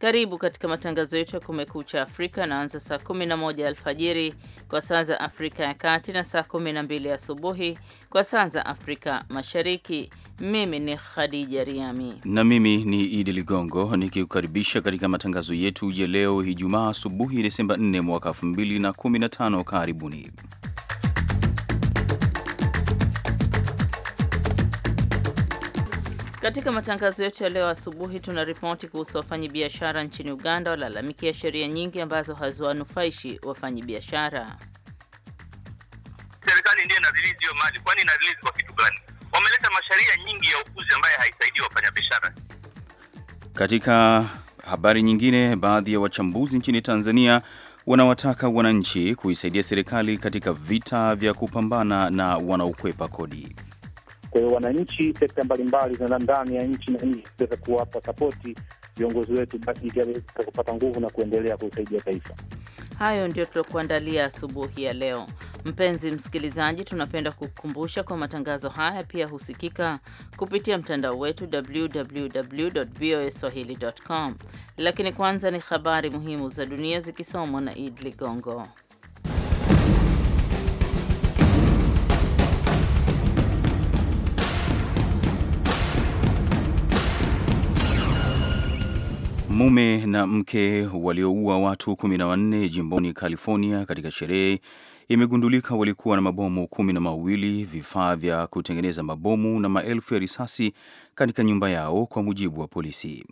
Karibu katika matangazo yetu ya kumekucha Afrika anaanza saa 11 alfajiri kwa saa za Afrika ya Kati na saa 12 asubuhi kwa saa za Afrika Mashariki. Mimi ni Khadija Riami na mimi ni Idi Ligongo nikikukaribisha katika matangazo yetu ya leo Ijumaa asubuhi Desemba 4 mwaka 2015. Karibuni. Katika matangazo yetu ya leo asubuhi, tuna ripoti kuhusu wafanyabiashara nchini Uganda walalamikia sheria nyingi ambazo haziwanufaishi wafanyabiashara. Serikali ndiyo inadhilizi hiyo mali, kwani inadhilizi kwa kitu gani? Wameleta masharia nyingi ya ukuzi ambaye haisaidii wafanyabiashara. Katika habari nyingine, baadhi ya wachambuzi nchini Tanzania wanawataka wananchi kuisaidia serikali katika vita vya kupambana na wanaokwepa kodi. Kwa hiyo wananchi, sekta mbalimbali za ndani ya nchi na nje ziweze kuwapa sapoti viongozi wetu, basi jitihada kupata nguvu na kuendelea kusaidia taifa. Hayo ndio tuliokuandalia asubuhi ya leo. Mpenzi msikilizaji, tunapenda kukukumbusha kwa matangazo haya pia husikika kupitia mtandao wetu www.voaswahili.com. Lakini kwanza ni habari muhimu za dunia zikisomwa na Id Ligongo. Mume na mke walioua watu kumi na wanne jimboni California katika sherehe imegundulika walikuwa na mabomu kumi na mawili, vifaa vya kutengeneza mabomu na maelfu ya risasi katika nyumba yao, kwa mujibu wa polisi.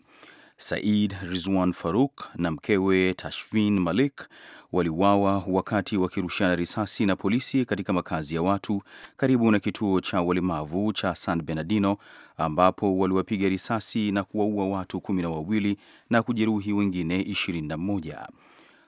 Said Rizwan Faruk na mkewe Tashfin Malik waliuawa wakati wakirushana risasi na polisi katika makazi ya watu karibu na kituo cha walemavu cha San Bernardino ambapo waliwapiga risasi na kuwaua watu kumi na wawili na kujeruhi wengine 21.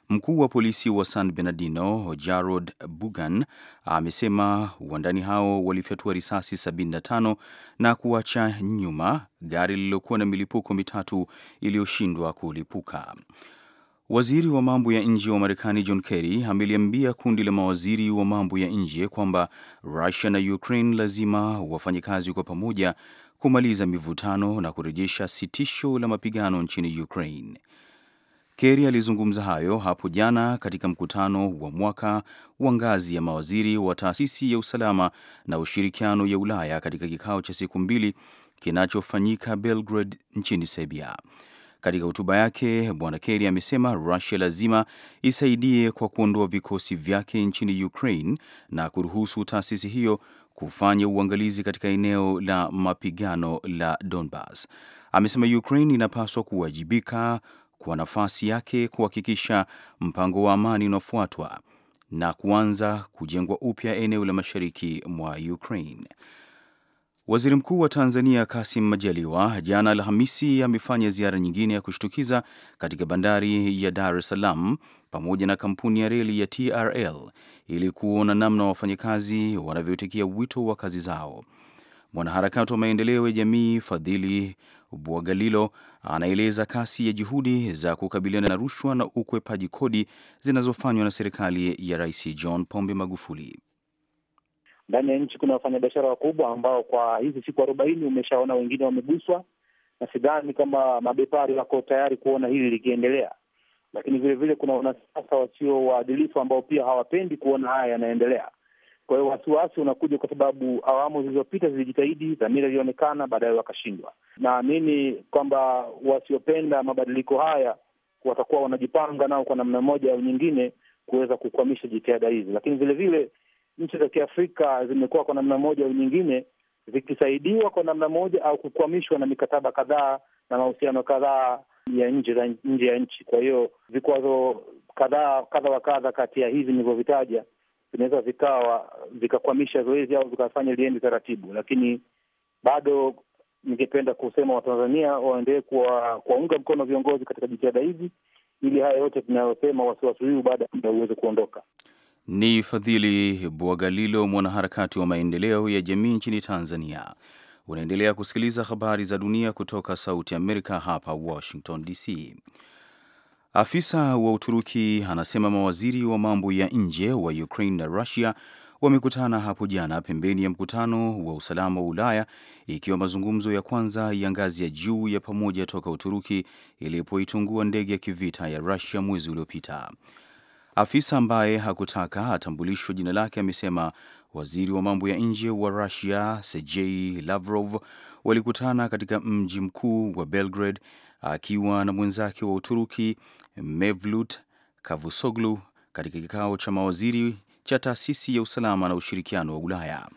Mkuu wa polisi wa San Bernardino Jarod Bugan amesema wandani hao walifyatua risasi 75 na kuacha nyuma gari lililokuwa na milipuko mitatu iliyoshindwa kulipuka. Waziri wa mambo ya nje wa Marekani John Kerry ameliambia kundi la mawaziri wa mambo ya nje kwamba Russia na Ukraine lazima wafanye kazi kwa pamoja kumaliza mivutano na kurejesha sitisho la mapigano nchini Ukraine. Kerry alizungumza hayo hapo jana katika mkutano wa mwaka wa ngazi ya mawaziri wa taasisi ya usalama na ushirikiano ya Ulaya katika kikao cha siku mbili kinachofanyika Belgrade nchini Serbia. Katika hotuba yake, Bwana Kerry amesema Russia lazima isaidie kwa kuondoa vikosi vyake nchini Ukraine na kuruhusu taasisi hiyo kufanya uangalizi katika eneo la mapigano la Donbas. Amesema Ukraine inapaswa kuwajibika kwa nafasi yake kuhakikisha mpango wa amani unafuatwa na kuanza kujengwa upya eneo la mashariki mwa Ukraine. Waziri Mkuu wa Tanzania Kassim Majaliwa jana Alhamisi amefanya ziara nyingine ya kushtukiza katika bandari ya Dar es Salaam pamoja na kampuni ya reli ya TRL ili kuona namna wafanyakazi wanavyoitikia wito wa kazi zao. Mwanaharakati wa maendeleo ya jamii Fadhili Bwagalilo anaeleza kasi ya juhudi za kukabiliana na rushwa na ukwepaji kodi zinazofanywa na serikali ya Rais John Pombe Magufuli. Ndani ya nchi kuna wafanyabiashara wakubwa ambao kwa hizi siku arobaini umeshaona wengine wameguswa, na sidhani kama mabepari wako tayari kuona hili likiendelea. Lakini vile vile kuna wanasiasa wasio waadilifu ambao pia hawapendi kuona haya yanaendelea. Kwa hiyo wasiwasi unakuja kwa sababu awamu zilizopita zilijitahidi, dhamira ilionekana, baadaye wakashindwa. Naamini kwamba wasiopenda mabadiliko haya watakuwa wanajipanga nao kwa namna moja au nyingine kuweza kukwamisha jitihada hizi, lakini vile vile nchi za Kiafrika zimekuwa kwa namna moja au nyingine zikisaidiwa kwa namna moja au kukwamishwa na mikataba kadhaa na mahusiano kadhaa ya nje za nje ya nchi. Kwa hiyo vikwazo kadhaa kadha wa kadha kati ya hizi nilivyovitaja vinaweza vikawa vikakwamisha zoezi au vikafanya liende taratibu, lakini bado ningependa kusema Watanzania waendelee kuwaunga mkono viongozi katika jitihada hizi, ili haya yote tunayosema wasiwasi huu baada ya muda uweze kuondoka. Ni Fadhili Bwagalilo, mwanaharakati wa maendeleo ya jamii nchini Tanzania. Unaendelea kusikiliza habari za dunia kutoka Sauti Amerika, hapa Washington DC. Afisa wa Uturuki anasema mawaziri wa mambo ya nje wa Ukraine na Russia wamekutana hapo jana pembeni ya mkutano wa usalama wa Ulaya, ikiwa mazungumzo ya kwanza ya ngazi ya juu ya pamoja toka Uturuki ilipoitungua ndege ya kivita ya Russia mwezi uliopita. Afisa ambaye hakutaka atambulishwe jina lake amesema waziri wa mambo ya nje wa Russia Sergei Lavrov walikutana katika mji mkuu wa Belgrade akiwa na mwenzake wa Uturuki Mevlut kavusoglu katika kikao cha mawaziri cha taasisi ya usalama na ushirikiano wa Ulaya.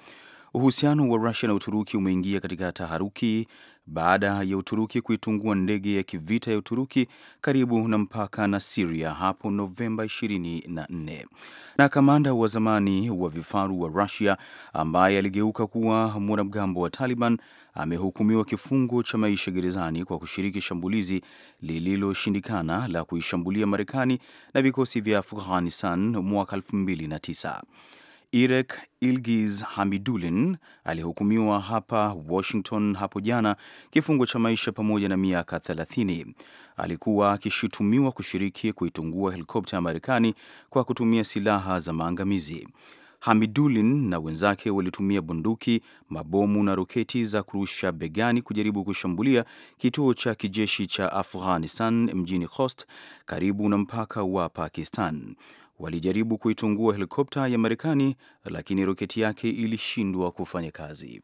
Uhusiano wa Rusia na Uturuki umeingia katika taharuki baada ya Uturuki kuitungua ndege ya kivita ya Uturuki karibu na mpaka na Siria hapo Novemba 24. Na kamanda wa zamani wa vifaru wa Rusia ambaye aligeuka kuwa mwanamgambo wa Taliban amehukumiwa kifungo cha maisha gerezani kwa kushiriki shambulizi lililoshindikana la kuishambulia Marekani na vikosi vya Afghanistan mwaka 2009. Irek Ilgis Hamidulin alihukumiwa hapa Washington hapo jana kifungo cha maisha pamoja na miaka 30. Alikuwa akishutumiwa kushiriki kuitungua helikopta ya Marekani kwa kutumia silaha za maangamizi. Hamidulin na wenzake walitumia bunduki, mabomu na roketi za kurusha begani kujaribu kushambulia kituo cha kijeshi cha Afghanistan mjini Khost karibu na mpaka wa Pakistan walijaribu kuitungua helikopta ya Marekani, lakini roketi yake ilishindwa kufanya kazi.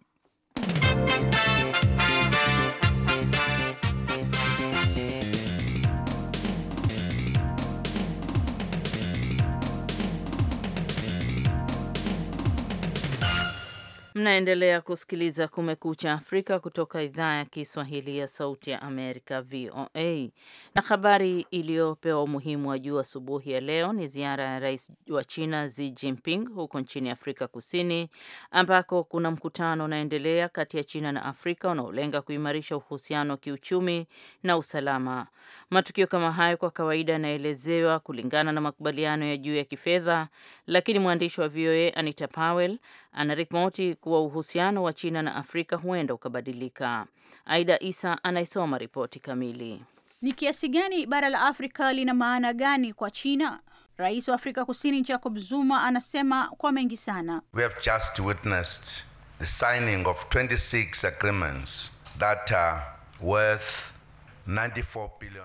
Mnaendelea kusikiliza Kumekucha Afrika kutoka idhaa ya Kiswahili ya Sauti ya Amerika, VOA. Na habari iliyopewa umuhimu wa juu asubuhi ya leo ni ziara ya rais wa China Xi Jinping huko nchini Afrika Kusini, ambako kuna mkutano unaendelea kati ya China na Afrika unaolenga kuimarisha uhusiano wa kiuchumi na usalama. Matukio kama hayo kwa kawaida yanaelezewa kulingana na makubaliano ya juu ya kifedha, lakini mwandishi wa VOA Anita Powell anaripoti kuwa uhusiano wa China na Afrika huenda ukabadilika. Aida Isa anaisoma ripoti kamili. Ni kiasi gani bara la Afrika lina maana gani kwa China? Rais wa Afrika Kusini Jacob Zuma anasema kwa mengi sana. We have just witnessed the signing of 26 agreements that are worth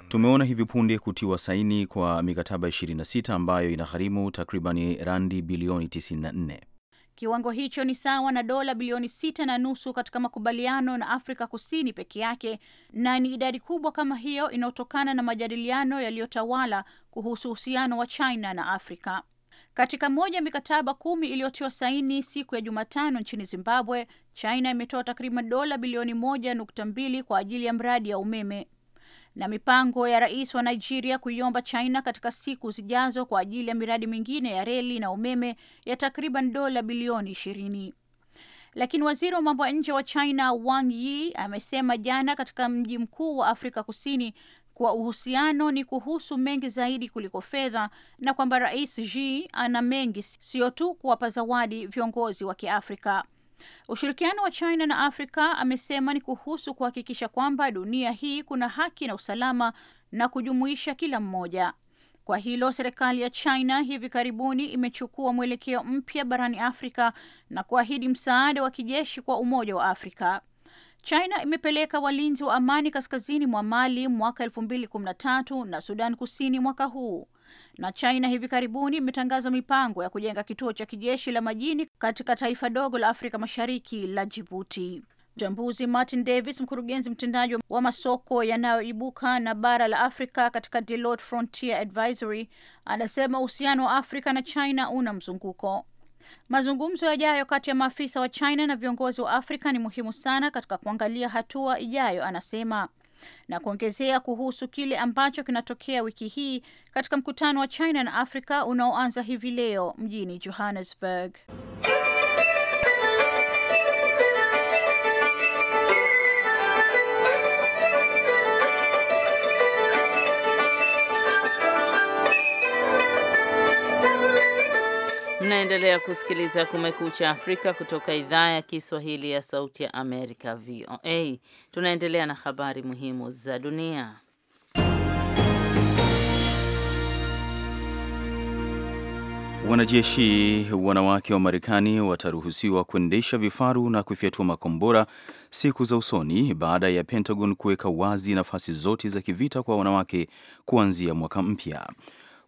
Tumeona hivi punde kutiwa saini kwa mikataba 26 ambayo inagharimu takribani randi bilioni 94. Kiwango hicho ni sawa na dola bilioni sita na nusu katika makubaliano na Afrika Kusini peke yake, na ni idadi kubwa kama hiyo inayotokana na majadiliano yaliyotawala kuhusu uhusiano wa China na Afrika. Katika moja ya mikataba kumi iliyotiwa saini siku ya Jumatano nchini Zimbabwe, China imetoa takriban dola bilioni moja nukta mbili kwa ajili ya mradi ya umeme na mipango ya rais wa Nigeria kuiomba China katika siku zijazo kwa ajili ya miradi mingine ya reli na umeme ya takriban dola bilioni ishirini. Lakini waziri wa mambo ya nje wa China Wang Yi amesema jana katika mji mkuu wa Afrika Kusini kuwa uhusiano ni kuhusu mengi zaidi kuliko fedha na kwamba Rais Xi ana mengi, sio tu kuwapa zawadi viongozi wa Kiafrika. Ushirikiano wa China na Afrika amesema ni kuhusu kuhakikisha kwamba dunia hii kuna haki na usalama na kujumuisha kila mmoja. Kwa hilo serikali ya China hivi karibuni imechukua mwelekeo mpya barani Afrika na kuahidi msaada wa kijeshi kwa Umoja wa Afrika. China imepeleka walinzi wa amani kaskazini mwa Mali mwaka 2013 na Sudan Kusini mwaka huu. Na China hivi karibuni imetangaza mipango ya kujenga kituo cha kijeshi la majini katika taifa dogo la Afrika Mashariki la Jibuti. Mchambuzi Martin Davis, mkurugenzi mtendaji wa masoko yanayoibuka na bara la Afrika katika Deloitte Frontier Advisory, anasema uhusiano wa Afrika na China una mzunguko. Mazungumzo yajayo kati ya maafisa wa China na viongozi wa Afrika ni muhimu sana katika kuangalia hatua ijayo, anasema na kuongezea kuhusu kile ambacho kinatokea wiki hii katika mkutano wa China na Afrika unaoanza hivi leo mjini Johannesburg. Mnaendelea kusikiliza Kumekucha Afrika kutoka idhaa ya Kiswahili ya Sauti ya Amerika, VOA. Tunaendelea na habari muhimu za dunia. Wanajeshi wanawake wa Marekani wataruhusiwa kuendesha vifaru na kufyatua makombora siku za usoni baada ya Pentagon kuweka wazi nafasi zote za kivita kwa wanawake kuanzia mwaka mpya.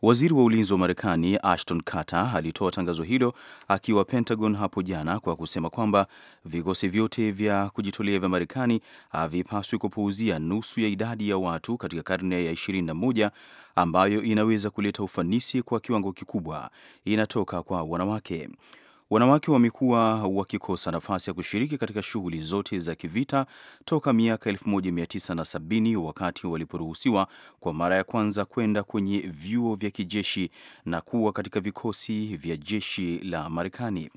Waziri wa ulinzi wa Marekani Ashton Carter alitoa tangazo hilo akiwa Pentagon hapo jana kwa kusema kwamba vikosi vyote vya kujitolea vya Marekani havipaswi kupuuzia nusu ya idadi ya watu katika karne ya 21 ambayo inaweza kuleta ufanisi kwa kiwango kikubwa inatoka kwa wanawake. Wanawake wamekuwa wakikosa nafasi ya kushiriki katika shughuli zote za kivita toka miaka 1970 wakati waliporuhusiwa kwa mara ya kwanza kwenda kwenye vyuo vya kijeshi na kuwa katika vikosi vya jeshi la Marekani.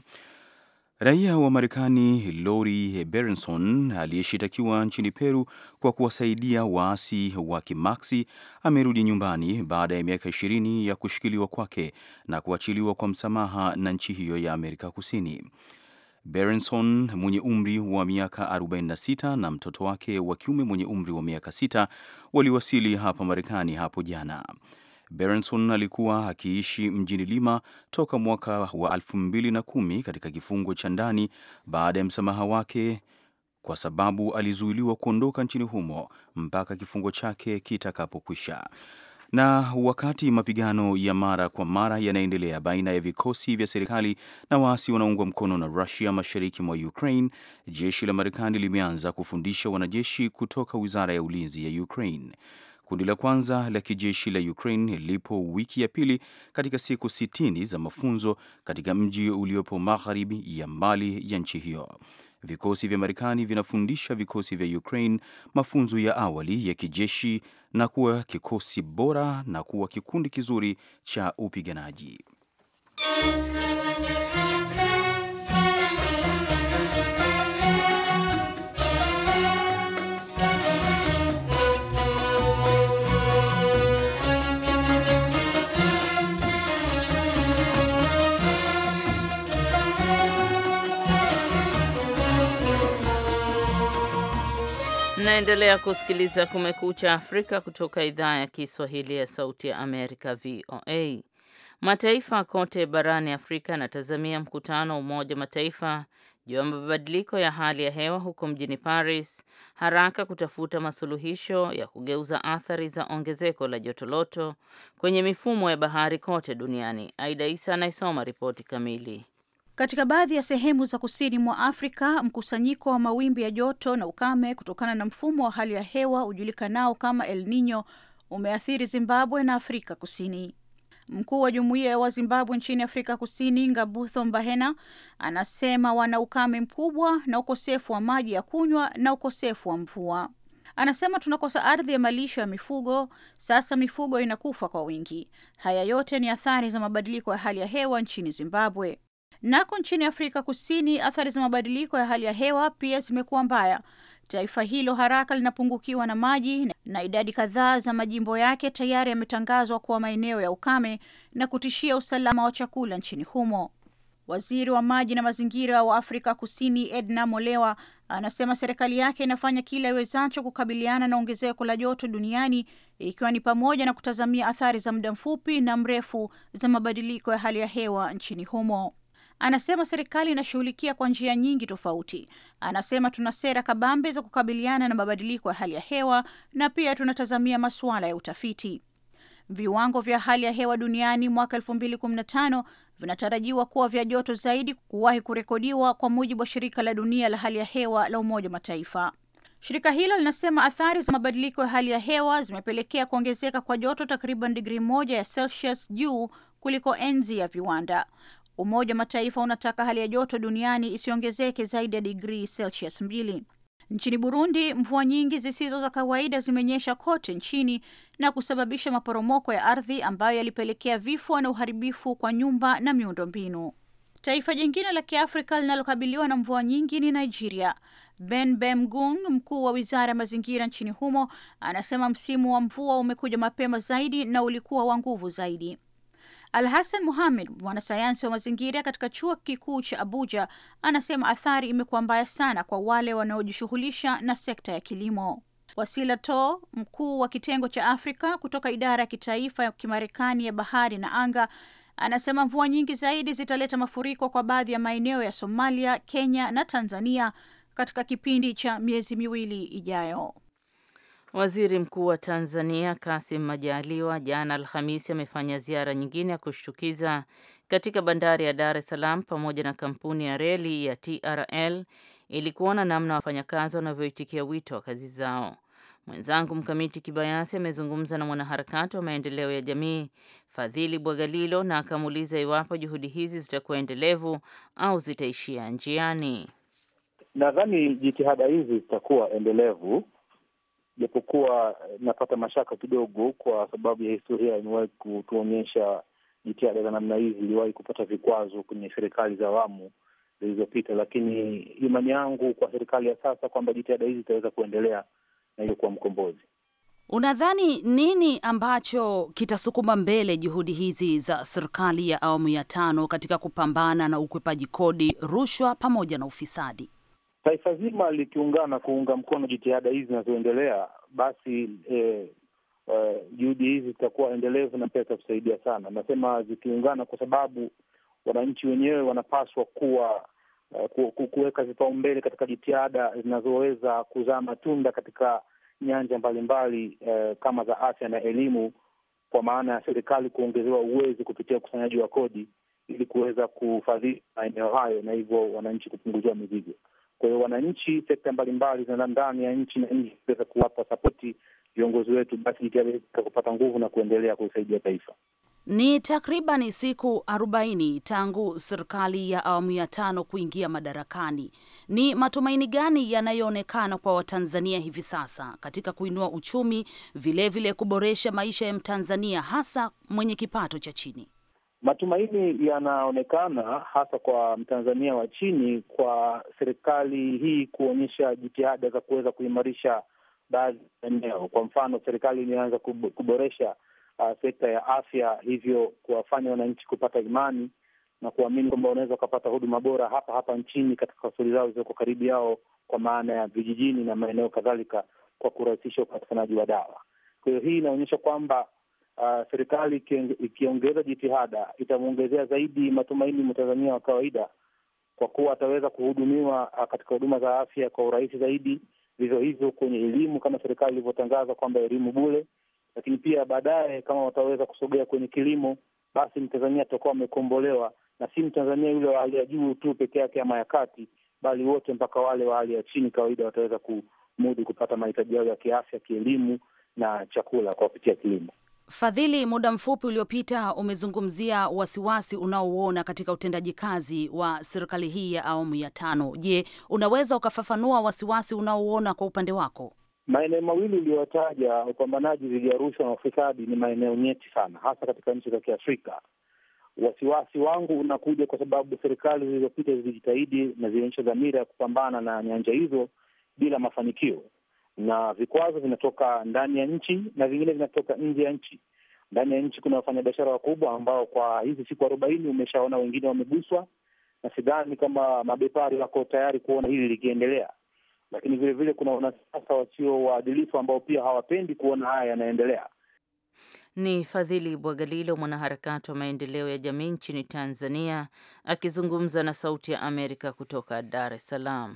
Raia wa Marekani Lori Berenson aliyeshitakiwa nchini Peru kwa kuwasaidia waasi wa Kimaksi amerudi nyumbani baada ya miaka ishirini ya kushikiliwa kwake na kuachiliwa kwa msamaha na nchi hiyo ya Amerika Kusini. Berenson mwenye umri wa miaka 46 na mtoto wake wa kiume mwenye umri wa miaka 6 waliwasili hapa Marekani hapo jana. Berenson alikuwa akiishi mjini Lima toka mwaka wa 2010 katika kifungo cha ndani baada ya msamaha wake kwa sababu alizuiliwa kuondoka nchini humo mpaka kifungo chake kitakapokwisha. Na wakati mapigano ya mara kwa mara yanaendelea baina ya vikosi vya serikali na waasi wanaungwa mkono na Rusia mashariki mwa Ukraine, jeshi la Marekani limeanza kufundisha wanajeshi kutoka wizara ya ulinzi ya Ukraine. Kundi la kwanza la kijeshi la Ukraine lipo wiki ya pili katika siku 60 za mafunzo katika mji uliopo magharibi ya mbali ya nchi hiyo. Vikosi vya Marekani vinafundisha vikosi vya Ukraine mafunzo ya awali ya kijeshi na kuwa kikosi bora na kuwa kikundi kizuri cha upiganaji. Unaendelea kusikiliza Kumekucha Afrika kutoka idhaa ya Kiswahili ya Sauti ya Amerika, VOA. Mataifa kote barani Afrika yanatazamia mkutano wa Umoja wa Mataifa juu ya mabadiliko ya hali ya hewa huko mjini Paris haraka kutafuta masuluhisho ya kugeuza athari za ongezeko la jotoloto kwenye mifumo ya bahari kote duniani. Aida Isa anayesoma ripoti kamili. Katika baadhi ya sehemu za kusini mwa Afrika, mkusanyiko wa mawimbi ya joto na ukame kutokana na mfumo wa hali ya hewa ujulikanao kama El Nino umeathiri Zimbabwe na Afrika Kusini. Mkuu wa jumuiya ya Wazimbabwe nchini Afrika Kusini, Ngabutho Mbahena, anasema wana ukame mkubwa na ukosefu wa maji ya kunywa na ukosefu wa mvua. Anasema tunakosa ardhi ya malisho ya mifugo, sasa mifugo inakufa kwa wingi. Haya yote ni athari za mabadiliko ya hali ya hewa nchini Zimbabwe. Nako nchini Afrika Kusini, athari za mabadiliko ya hali ya hewa pia zimekuwa mbaya. Taifa hilo haraka linapungukiwa na maji na idadi kadhaa za majimbo yake tayari yametangazwa kuwa maeneo ya ukame na kutishia usalama wa chakula nchini humo. Waziri wa maji na mazingira wa Afrika Kusini Edna Molewa anasema serikali yake inafanya kila iwezacho kukabiliana na ongezeko la joto duniani ikiwa ni pamoja na kutazamia athari za muda mfupi na mrefu za mabadiliko ya hali ya hewa nchini humo. Anasema serikali inashughulikia kwa njia nyingi tofauti. Anasema tuna sera kabambe za kukabiliana na mabadiliko ya hali ya hewa na pia tunatazamia masuala ya utafiti. Viwango vya hali ya hewa duniani mwaka 2015 vinatarajiwa kuwa vya joto zaidi kuwahi kurekodiwa kwa mujibu wa shirika la dunia la hali ya hewa la Umoja wa Mataifa. Shirika hilo linasema athari za mabadiliko ya hali ya hewa zimepelekea kuongezeka kwa joto takriban digrii moja ya Celsius juu kuliko enzi ya viwanda. Umoja wa Mataifa unataka hali ya joto duniani isiongezeke zaidi ya digrii Celsius mbili. Nchini Burundi, mvua nyingi zisizo za kawaida zimenyesha kote nchini na kusababisha maporomoko ya ardhi ambayo yalipelekea vifo na uharibifu kwa nyumba na miundombinu. Taifa jingine la Kiafrika linalokabiliwa na mvua nyingi ni Nigeria. Ben Bemgung, mkuu wa wizara ya mazingira nchini humo, anasema msimu wa mvua umekuja mapema zaidi na ulikuwa wa nguvu zaidi. Al Hassan Muhamed, mwanasayansi wa mazingira katika chuo kikuu cha Abuja, anasema athari imekuwa mbaya sana kwa wale wanaojishughulisha na sekta ya kilimo. Wasila To, mkuu wa kitengo cha Afrika kutoka idara ya kitaifa ya Kimarekani ya bahari na anga, anasema mvua nyingi zaidi zitaleta mafuriko kwa baadhi ya maeneo ya Somalia, Kenya na Tanzania katika kipindi cha miezi miwili ijayo. Waziri Mkuu wa Tanzania Kassim Majaliwa jana Alhamisi amefanya ziara nyingine ya kushtukiza katika bandari ya Dar es Salaam pamoja na kampuni ya reli ya TRL ili kuona namna wafanyakazi wanavyoitikia wito wa kazi zao. Mwenzangu Mkamiti Kibayasi amezungumza na mwanaharakati wa maendeleo ya jamii Fadhili Bwagalilo na akamuuliza iwapo juhudi hizi zitakuwa endelevu au zitaishia njiani. Nadhani jitihada hizi zitakuwa endelevu japokuwa eh, napata mashaka kidogo, kwa sababu ya historia imewahi kutuonyesha jitihada za namna hii ziliwahi kupata vikwazo kwenye serikali za awamu zilizopita, lakini imani yangu kwa serikali ya sasa kwamba jitihada hizi zitaweza kuendelea na hiyo kuwa mkombozi. Unadhani nini ambacho kitasukuma mbele juhudi hizi za serikali ya awamu ya tano katika kupambana na ukwepaji kodi, rushwa pamoja na ufisadi? taifa zima likiungana kuunga mkono jitihada hizi zinazoendelea, basi eh, eh, juhudi hizi zitakuwa endelevu na pia zitatusaidia sana. Nasema zikiungana kwa sababu wananchi wenyewe wanapaswa kuwa uh, kuweka vipaumbele katika jitihada zinazoweza kuzaa matunda katika nyanja mbalimbali eh, kama za afya na elimu, kwa maana ya serikali kuongezewa uwezo kupitia ukusanyaji wa kodi ili kuweza kufadhili maeneo hayo na hivyo wananchi kupunguziwa mizigo. Kwa hiyo wananchi, sekta mbalimbali za ndani ya nchi na nje ziweze kuwapa sapoti viongozi wetu, basi jitihada kupata nguvu na kuendelea kuisaidia taifa. Ni takriban siku arobaini tangu serikali ya awamu ya tano kuingia madarakani. Ni matumaini gani yanayoonekana kwa Watanzania hivi sasa katika kuinua uchumi, vilevile vile kuboresha maisha ya Mtanzania, hasa mwenye kipato cha chini? Matumaini yanaonekana hasa kwa mtanzania wa chini kwa serikali hii kuonyesha jitihada za kuweza kuimarisha baadhi ya eneo. Kwa mfano, serikali imeanza kuboresha uh, sekta ya afya, hivyo kuwafanya wananchi kupata imani na kuamini kwamba wanaweza wakapata huduma bora hapa hapa nchini katika hospitali zao zilizoko karibu yao, kwa maana ya vijijini na maeneo kadhalika, kwa kurahisisha upatikanaji wa dawa. Kwa hiyo hii inaonyesha kwamba uh, serikali ikiongeza jitihada itamwongezea zaidi matumaini mtanzania wa kawaida, kwa kuwa ataweza kuhudumiwa uh, katika huduma za afya kwa urahisi zaidi. Vivyo hivyo kwenye elimu, kama serikali ilivyotangaza kwamba elimu bule lakini pia baadaye kama wataweza kusogea kwenye kilimo, basi mtanzania atakuwa amekombolewa na si mtanzania yule wa hali ya juu tu peke yake ama ya kati, bali wote mpaka wale wa hali ya chini kawaida wataweza kumudu kupata mahitaji yao ya kiafya, kielimu na chakula kwa kupitia kilimo. Fadhili, muda mfupi uliopita umezungumzia wasiwasi unaouona katika utendaji kazi wa serikali hii ya awamu ya tano. Je, unaweza ukafafanua wasiwasi unaouona kwa upande wako? Maeneo mawili uliyotaja, upambanaji dhidi ya rushwa na ufisadi, ni maeneo nyeti sana, hasa katika nchi za Kiafrika. Wasiwasi wangu unakuja kwa sababu serikali zilizopita zilijitahidi na zilionyesha dhamira ya kupambana na nyanja hizo bila mafanikio na vikwazo vinatoka ndani ya nchi na vingine vinatoka nje ya nchi. Ndani ya nchi kuna wafanyabiashara wakubwa ambao kwa hizi siku arobaini umeshaona wengine wameguswa, na sidhani kama mabepari wako tayari kuona hili likiendelea. Lakini vilevile vile kuna wanasiasa wasio waadilifu ambao pia hawapendi kuona haya yanaendelea. Ni Fadhili Bwagalilo, mwanaharakati wa maendeleo ya jamii nchini Tanzania, akizungumza na Sauti ya Amerika kutoka Dar es Salaam.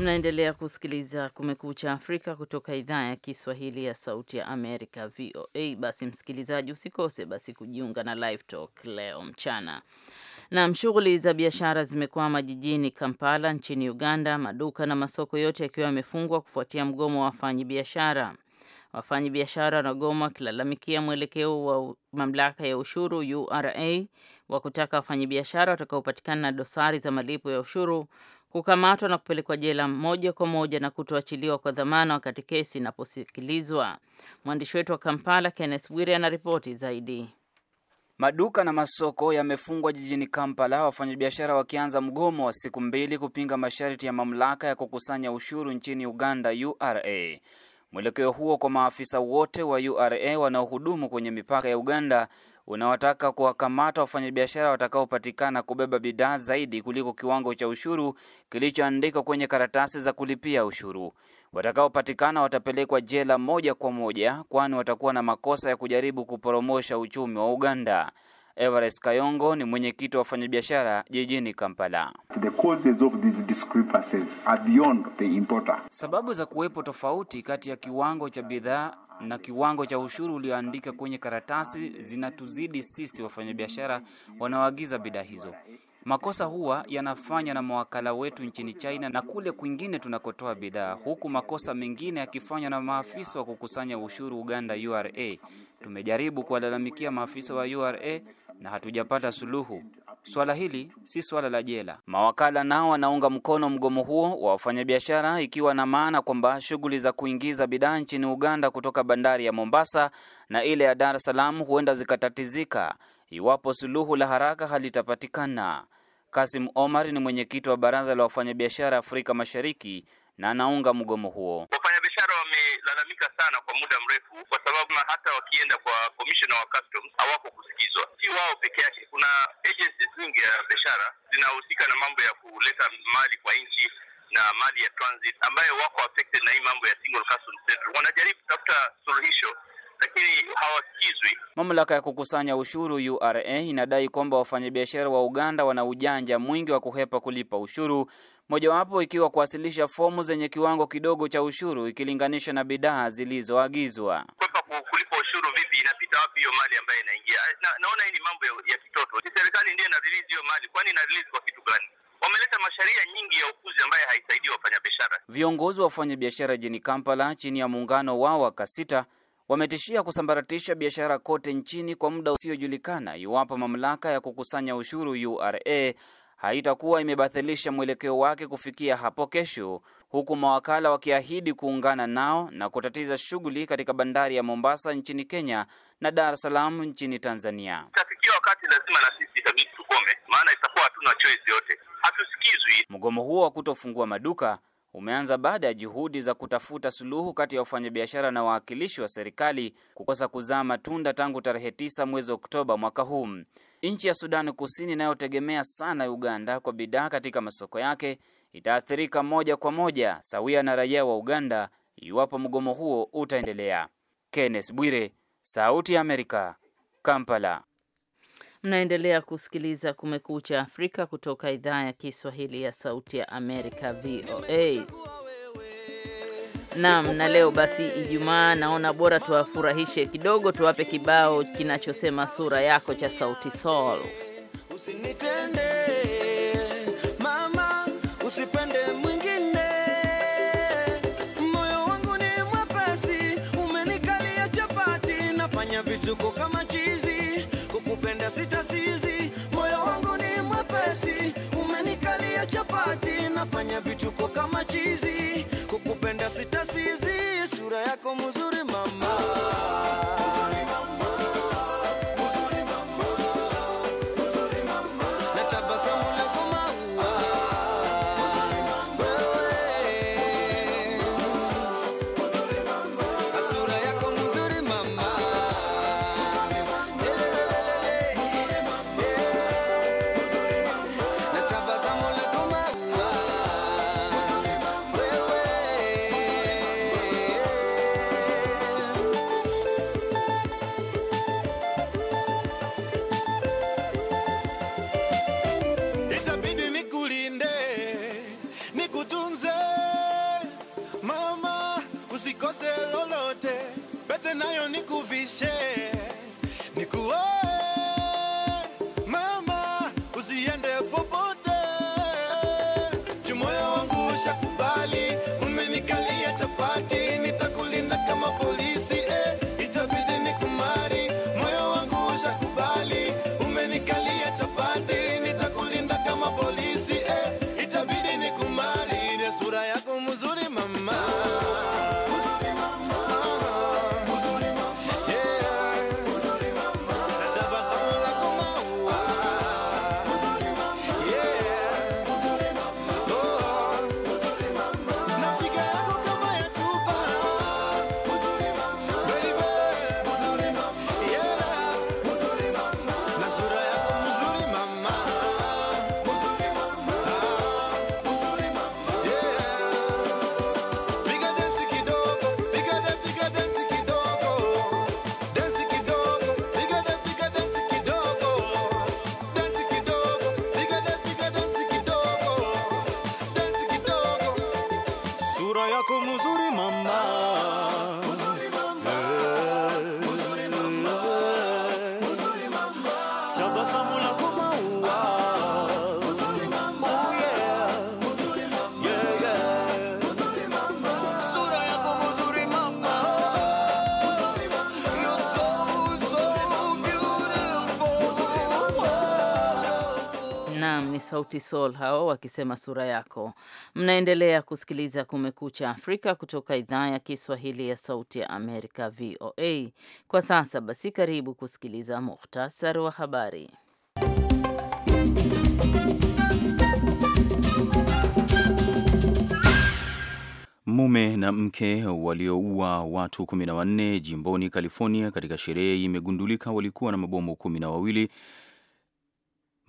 Mnaendelea kusikiliza Kumekucha Afrika kutoka idhaa ya Kiswahili ya Sauti ya Amerika, VOA. Basi msikilizaji, usikose basi kujiunga na Live Talk leo mchana. Nam, shughuli za biashara zimekwama jijini Kampala nchini Uganda, maduka na masoko yote yakiwa yamefungwa kufuatia mgomo wa wafanyi biashara wanagoma wakilalamikia mwelekeo wa mamlaka ya ushuru URA wa kutaka wafanyabiashara watakaopatikana na dosari za malipo ya ushuru kukamatwa na kupelekwa jela moja kwa moja na kutoachiliwa kwa dhamana wakati kesi inaposikilizwa. Mwandishi wetu wa Kampala, Kenneth Bwire, anaripoti zaidi. Maduka na masoko yamefungwa jijini Kampala, wafanyabiashara wakianza mgomo wa siku mbili kupinga masharti ya mamlaka ya kukusanya ushuru nchini Uganda, URA. Mwelekeo huo kwa maafisa wote wa URA wanaohudumu kwenye mipaka ya Uganda unawataka kuwakamata wafanyabiashara watakaopatikana kubeba bidhaa zaidi kuliko kiwango cha ushuru kilichoandikwa kwenye karatasi za kulipia ushuru. Watakaopatikana watapelekwa jela moja kwa moja, kwani watakuwa na makosa ya kujaribu kuporomosha uchumi wa Uganda. Everest Kayongo ni mwenyekiti wa wafanyabiashara jijini Kampala. The causes of these discrepancies are beyond the importer. Sababu za kuwepo tofauti kati ya kiwango cha bidhaa na kiwango cha ushuru ulioandika kwenye karatasi zinatuzidi sisi wafanyabiashara wanaoagiza bidhaa hizo. Makosa huwa yanafanywa na mawakala wetu nchini China na kule kwingine tunakotoa bidhaa, huku makosa mengine yakifanywa na maafisa wa kukusanya ushuru Uganda, URA. Tumejaribu kuwalalamikia maafisa wa URA na hatujapata suluhu. Swala hili si swala la jela. Mawakala nao wanaunga mkono mgomo huo wa wafanyabiashara, ikiwa na maana kwamba shughuli za kuingiza bidhaa nchini Uganda kutoka bandari ya Mombasa na ile ya Dar es Salaam huenda zikatatizika iwapo suluhu la haraka halitapatikana. Kasim Omar ni mwenyekiti wa baraza la wafanyabiashara Afrika Mashariki na anaunga mgomo huo wamelalamika sana kwa muda mrefu, kwa sababu hata wakienda kwa commissioner wa customs hawako kusikizwa. Si wao peke yake, kuna agencies nyingi ya biashara zinahusika na mambo ya kuleta mali kwa nchi na mali ya transit ambayo wako affected na hii mambo ya single customs center. Wanajaribu kutafuta suluhisho lakini hawasikizwi. Mamlaka ya kukusanya ushuru URA inadai kwamba wafanyabiashara wa Uganda wana ujanja mwingi wa kuhepa kulipa ushuru mojawapo ikiwa kuwasilisha fomu zenye kiwango kidogo cha ushuru ikilinganisha na bidhaa zilizoagizwa. Kwepa kulipa ushuru vipi? Inapita wapi hiyo mali ambayo inaingia? Eh, na, naona hii ni mambo ya kitoto. Serikali ndiyo inarelease hiyo mali, kwani inarelease kwa kitu gani? Wameleta masharia nyingi ya ukuzi ambayo haisaidii wafanyabiashara. Viongozi wa wafanyabiashara jijini Kampala chini ya muungano wao wa Kasita wametishia kusambaratisha biashara kote nchini kwa muda usiojulikana iwapo mamlaka ya kukusanya ushuru URA haitakuwa imebathilisha mwelekeo wake kufikia hapo kesho, huku mawakala wakiahidi kuungana nao na kutatiza shughuli katika bandari ya Mombasa nchini Kenya na Dar es Salaam nchini Tanzania. Itafikia wakati lazima na sisi itabidi tukome, maana itakuwa hatuna choice yote, hatusikizwi. Mgomo huo wa kutofungua maduka umeanza baada ya juhudi za kutafuta suluhu kati ya wafanyabiashara na wawakilishi wa serikali kukosa kuzaa matunda tangu tarehe 9 mwezi Oktoba mwaka huu. Nchi ya Sudani Kusini inayotegemea sana Uganda kwa bidhaa katika masoko yake itaathirika moja kwa moja, sawia na raia wa Uganda, iwapo mgomo huo utaendelea. Kenneth Bwire, Sauti ya Amerika, Kampala. Mnaendelea kusikiliza Kumekucha Afrika kutoka idhaa ya Kiswahili ya Sauti ya Amerika, VOA. Naam, na leo basi Ijumaa, naona bora tuwafurahishe kidogo, tuwape kibao kinachosema sura yako cha Sauti Sol. Usinitende mama, usipende mwingine, moyo wangu ni mwepesi, umenikalia chapati, nafanya vituko kama chizi, kukupenda sitasizi, moyo wangu ni mwepesi, umenikalia chapati, nafanya vituko kama chizi, kukupenda sitasizi. Sauti Sol hao wakisema sura yako. Mnaendelea kusikiliza Kumekucha Afrika kutoka idhaa ya Kiswahili ya Sauti ya Amerika, VOA. Kwa sasa basi, karibu kusikiliza muhtasari wa habari. Mume na mke walioua watu kumi na wanne jimboni California katika sherehe imegundulika walikuwa na mabomu kumi na wawili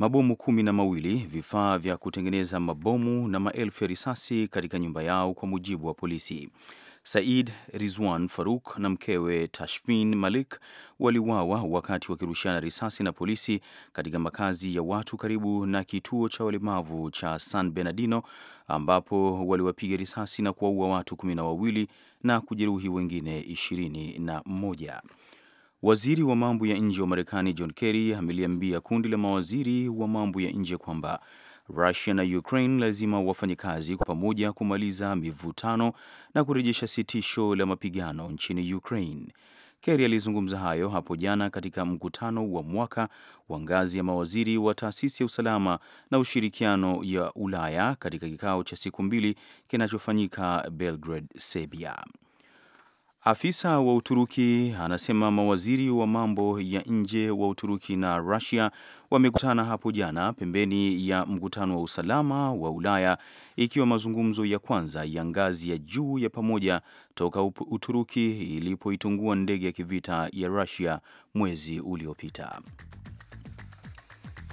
mabomu kumi na mawili, vifaa vya kutengeneza mabomu na maelfu ya risasi katika nyumba yao, kwa mujibu wa polisi. Said Rizwan Faruk na mkewe Tashfin Malik waliwawa wakati wakirushiana risasi na polisi katika makazi ya watu karibu na kituo cha walemavu cha San Bernardino ambapo waliwapiga risasi na kuwaua watu kumi na wawili na kujeruhi wengine ishirini na moja. Waziri wa mambo ya nje wa Marekani John Kerry ameliambia kundi la mawaziri wa mambo ya nje kwamba russia na Ukraine lazima wafanye kazi kwa pamoja kumaliza mivutano na kurejesha sitisho la mapigano nchini Ukraine. Kerry alizungumza hayo hapo jana katika mkutano wa mwaka wa ngazi ya mawaziri wa taasisi ya usalama na ushirikiano ya Ulaya katika kikao cha siku mbili kinachofanyika Belgrade, Serbia. Afisa wa Uturuki anasema mawaziri wa mambo ya nje wa Uturuki na Russia wamekutana hapo jana pembeni ya mkutano wa usalama wa Ulaya ikiwa mazungumzo ya kwanza ya ngazi ya juu ya pamoja toka Uturuki ilipoitungua ndege ya kivita ya Russia mwezi uliopita.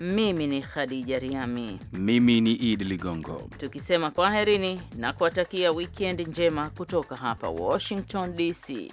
mimi ni Khadija Riami, mimi ni Idi Ligongo, tukisema kwaherini na kuwatakia wikendi njema kutoka hapa Washington DC.